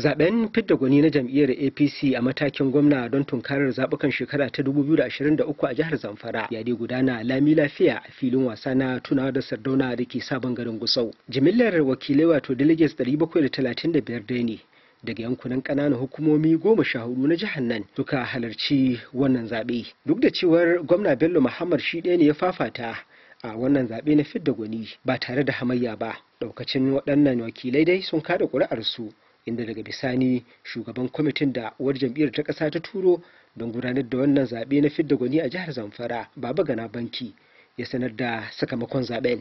zaben fidda gwani na jam'iyyar apc a matakin gwamna don tunkarar zabukan shekara ta 2023 a jihar zamfara ya dai gudana lami lafiya a filin wasa na tunawa da sardauna da ke sabon garin gusau jimillar wakilai wato delegates 735 dai ne daga yankunan ƙananan hukumomi goma sha hudu na jihar nan suka halarci wannan zabe. duk da cewar gwamna bello muhammad shi ɗaya ne ya fafata a wannan zabe na fidda gwani ba tare da hamayya ba ɗaukacin waɗannan wakilai dai sun kada ƙuri'arsu inda daga bisani shugaban kwamitin da uwar jam'iyyar ta ƙasa ta turo don gudanar da wannan zaɓe na fidda gwani a jihar zamfara baba gana banki ya sanar da sakamakon zaɓen.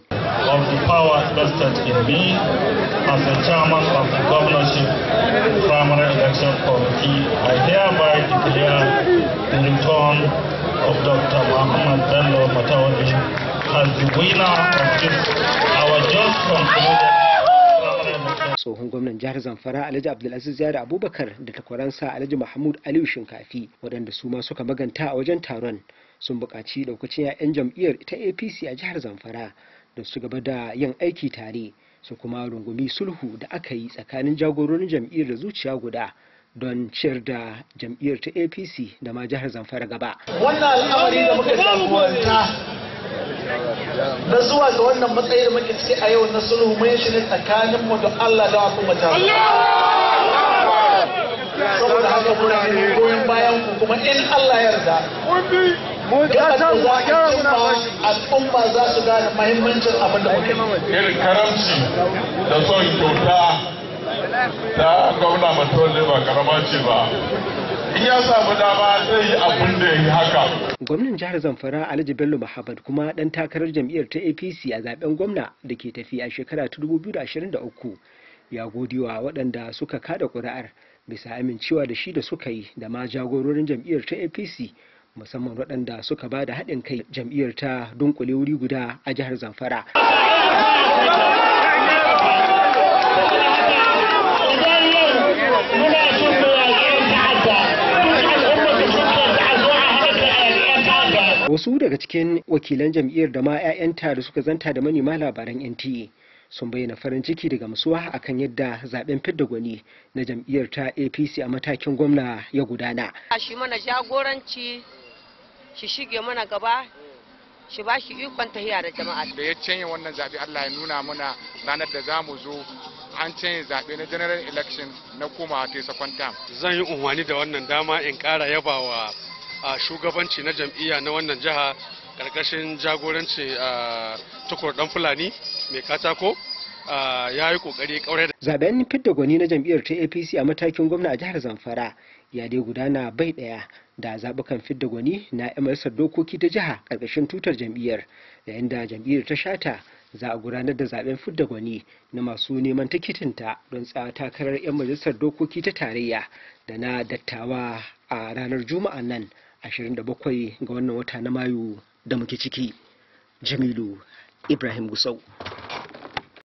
of Dr. Muhammad Bello Matawali as the winner of this, our just concluded tsohon gwamnan jihar zamfara alhaji abdulaziz yari abubakar da takwaransa alhaji mahmud aliyu shinkafi waɗanda su ma suka maganta a wajen taron sun buƙaci ɗaukacin 'ya'yan jam'iyyar ita apc a jihar zamfara da su gaba da yin aiki tare su kuma rungumi sulhu da aka yi tsakanin jagororin jam'iyyar da zuciya guda don ciyar da jam'iyyar ta apc da ma jihar zamfara gaba wannan al'amari da samu na zuwa ga wannan matsayi da muke ciki a yau na sulhu mun shi ne tsakanin mu da Allah da wasu ta saboda haka muna ne goyon bayan ku kuma in Allah yarda al'umma za su gane mahimmancin abin da muke irin karamci da son kyauta da gwamna matole ba karama ce ba in ya samu dama zai yi abin da ya yi haka gwamnan jihar zamfara alhaji bello muhammad kuma dan takarar jam'iyyar ta apc a zaben gwamna da ke tafi a shekara ta 2023 ya godewa waɗanda suka kada ƙuri'ar bisa amincewa da shi da suka yi da ma jagororin jam'iyyar ta apc musamman waɗanda suka ba da haɗin kai jam'iyyar ta dunkule wuri guda a jihar zamfara wasu daga cikin wakilan jam'iyyar da ma 'ya'yanta da suka zanta da manema labaran nta e sun bayyana farin ciki daga musuwa akan yadda zaben fidda gwani na jam'iyyar ta apc a matakin gwamna ya gudana shi mana jagoranci shi shige mana gaba shi ba shi ikon tahiya da jama'a da ya canye wannan zabe allah ya nuna mana ranar da za mu zo an canye zaɓe na general election na komawa ta ya zan yi umarni da wannan dama in ƙara yabawa a shugabanci na jam'iyya na wannan jiha karkashin jagoranci a tukur dan fulani mai katako ya yi kokari kaurai da zaben fidda gwani na jam'iyyar ta apc a matakin gwamna a jihar zamfara ya dai gudana bai daya da zaɓukan fidda gwani na 'yan dokoki ta jiha karkashin tutar jam'iyyar yayin da jam'iyyar ta shata za a gudanar da zaben fidda gwani na masu neman tikitinta don tsawa takarar 'yan majalisar dokoki ta tarayya da na dattawa a ranar juma'a nan 27 ga wannan wata na mayu da muke ciki jamilu ibrahim gusau